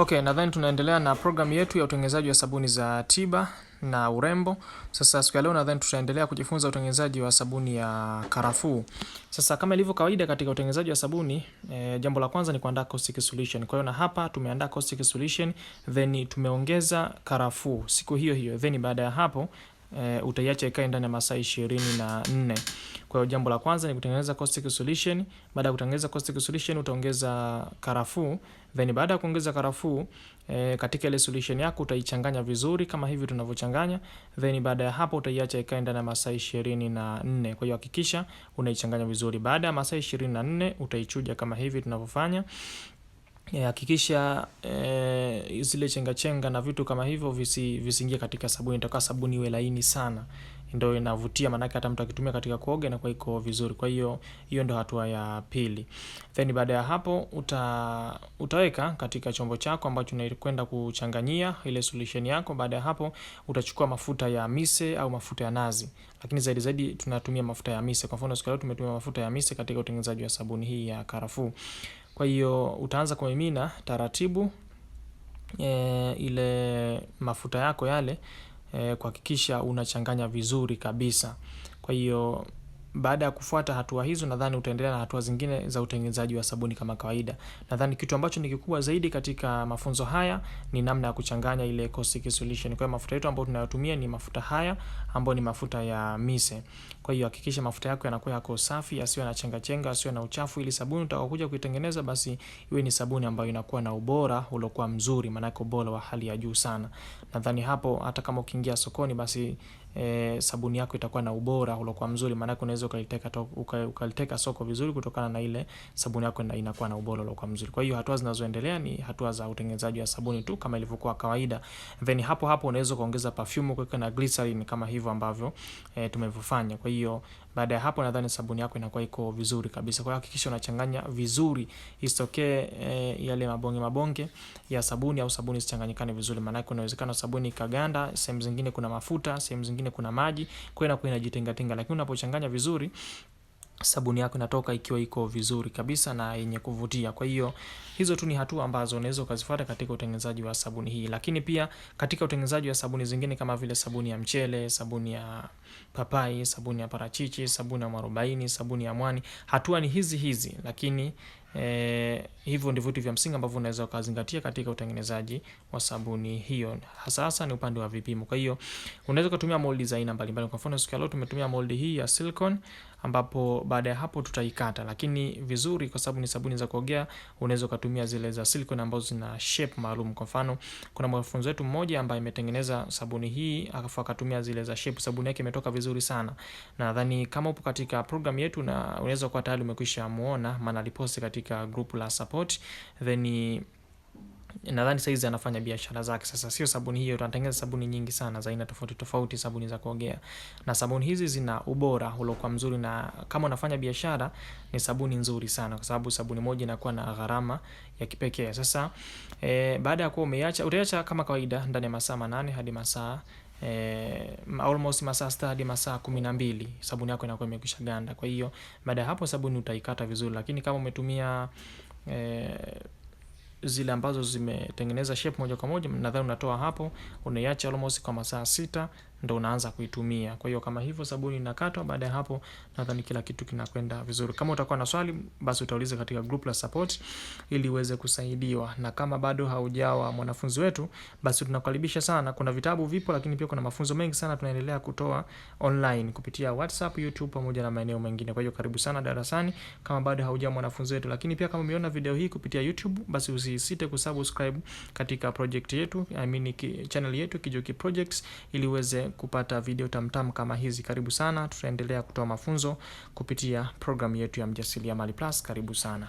Okay, nadhani tunaendelea na programu yetu ya utengenezaji wa sabuni za tiba na urembo. Sasa siku ya leo nadhani tutaendelea kujifunza utengenezaji wa sabuni ya karafuu. Sasa kama ilivyo kawaida katika utengenezaji wa sabuni, e, jambo la kwanza ni kuandaa caustic solution. Kwa hiyo na hapa tumeandaa caustic solution then tumeongeza karafuu siku hiyo hiyo. Then baada ya hapo e, utaiacha ikae ndani ya masaa 24. Kwa hiyo jambo la kwanza ni kutengeneza caustic solution. Baada ya kutengeneza caustic solution utaongeza karafuu, then baada ya kuongeza karafuu e, katika ile solution yako utaichanganya vizuri kama hivi tunavyochanganya, then baada ya hapo utaiacha ikae ndani ya masaa 24. Kwa hiyo hakikisha unaichanganya vizuri. Baada ya masaa 24 utaichuja kama hivi tunavyofanya. Eh, hakikisha e, zile chenga chenga na vitu kama hivyo visi visiingie katika sabuni. Itakuwa sabuni iwe laini sana, ndio inavutia, maanake hata mtu akitumia katika kuoga inakuwa iko vizuri. Kwa hiyo hiyo ndio hatua ya pili. Then baada ya hapo uta, utaweka katika chombo chako ambacho unakwenda kuchanganyia ile solution yako. Baada ya hapo utachukua mafuta ya mise au mafuta ya nazi, lakini zaidi zaidi tunatumia mafuta ya mise. Kwa mfano siku leo tumetumia mafuta ya mise katika utengenezaji wa sabuni hii ya karafuu. Kwa hiyo utaanza kumimina taratibu e, ile mafuta yako yale e, kuhakikisha unachanganya vizuri kabisa. Kwa hiyo baada ya kufuata hatua hizo, nadhani utaendelea na hatua zingine za utengenezaji wa sabuni kama kawaida. Nadhani kitu ambacho ni kikubwa zaidi katika mafunzo haya ni namna ya kuchanganya ile caustic solution. Kwa hiyo mafuta yetu ambayo tunayotumia ni mafuta haya ambayo ni mafuta ya mise. Kwa hiyo hakikisha mafuta yako yanakuwa yako safi, yasiyo na chenga chenga, yasiyo na uchafu, ili sabuni utakayokuja kuitengeneza basi iwe ni sabuni ambayo inakuwa na ubora uliokuwa mzuri, maana ubora wa hali ya juu sana. Nadhani hapo hata kama ukiingia sokoni basi e, sabuni yako itakuwa na ubora uliokuwa mzuri maana unaweza ukaliteka, ukaliteka soko vizuri kutokana na ile sabuni yako inakuwa na ubora uliokuwa mzuri. Kwa hiyo hatua zinazoendelea ni hatua za utengenezaji wa sabuni tu kama ilivyokuwa kawaida. Then hapo hapo unaweza kuongeza perfume, kuweka na glycerin kama hivyo ambavyo e, tumevyofanya. Kwa hiyo baada ya hapo, nadhani sabuni yako inakuwa iko vizuri kabisa. Kwa hiyo hakikisha unachanganya vizuri, isitokee eh, yale mabonge mabonge ya sabuni au sabuni isichanganyikane vizuri, maana kuna uwezekano sabuni ikaganda. Sehemu zingine kuna mafuta, sehemu zingine kuna maji, kwa hiyo inakuwa inajitenga tenga, lakini unapochanganya vizuri sabuni yako inatoka ikiwa iko vizuri kabisa na yenye kuvutia. Kwa hiyo hizo tu ni hatua ambazo unaweza ukazifuata katika utengenezaji wa sabuni hii, lakini pia katika utengenezaji wa sabuni zingine kama vile sabuni ya mchele, sabuni ya papai, sabuni ya parachichi, sabuni ya mwarobaini, sabuni ya mwani, hatua ni hizi hizi, lakini Eh, hivyo ndivyo vitu vya msingi ambavyo unaweza ukazingatia katika utengenezaji wa sabuni hiyo, hasa hasa ni upande wa vipimo. Kwa hiyo unaweza kutumia moldi za aina mbalimbali. Kwa mfano siku ya leo tumetumia moldi hii ya silicon, ambapo baada ya hapo tutaikata, lakini vizuri, kwa sababu ni sabuni za kuogea, unaweza ukatumia zile za silicon ambazo zina shape maalum. Kwa mfano kuna mwanafunzi wetu mmoja ambaye ametengeneza sabuni hii akafu akatumia zile za shape, sabuni yake imetoka vizuri sana. Nadhani kama upo katika program yetu na unaweza kuwa tayari umekwisha muona, maana aliposti katika katika grupu la support then nadhani saizi anafanya biashara zake sasa. Sio sabuni hiyo, anatengeneza sabuni nyingi sana za aina tofauti tofauti, sabuni za kuogea, na sabuni hizi zina ubora uliokuwa mzuri, na kama unafanya biashara ni sabuni nzuri sana, kwa sababu sabuni moja inakuwa na gharama ya kipekee. Sasa e, baada ya kuwa umeacha utaacha kama kawaida ndani ya masaa manane hadi masaa eh, almost masaa sita hadi masaa kumi na mbili sabuni yako inakuwa imekwisha ganda. Kwa hiyo baada ya hapo sabuni utaikata vizuri, lakini kama umetumia eh, zile ambazo zimetengeneza shape moja kwa moja, nadhani unatoa hapo, unaiacha almost kwa masaa sita ndo unaanza kuitumia. Kwa hiyo kama hivyo sabuni inakatwa. Baada ya hapo, nadhani kila kitu kinakwenda vizuri. Kama utakuwa na swali, basi utauliza katika group la support ili uweze kusaidiwa, na kama bado haujawa mwanafunzi wetu, basi tunakukaribisha sana. Kuna vitabu vipo, lakini pia kuna mafunzo mengi sana tunaendelea kutoa online kupitia WhatsApp, YouTube pamoja na maeneo mengine. Kwa hiyo karibu sana darasani kama bado haujawa mwanafunzi wetu, lakini pia kama umeona video hii kupitia YouTube, basi usisite kusubscribe katika project yetu, I mean channel yetu Kijoki Projects ili uweze kupata video tamtam kama hizi, karibu sana. Tutaendelea kutoa mafunzo kupitia programu yetu ya mjasiliamali Plus. Karibu sana.